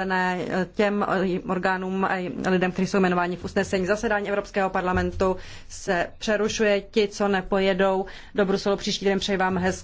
sdělené eh, těm eh, orgánům a lidem, kteří jsou jmenováni v usnesení. Zasedání Evropského parlamentu se přerušuje. Ti, co nepojedou do Bruselu příští den, přeji vám hezké.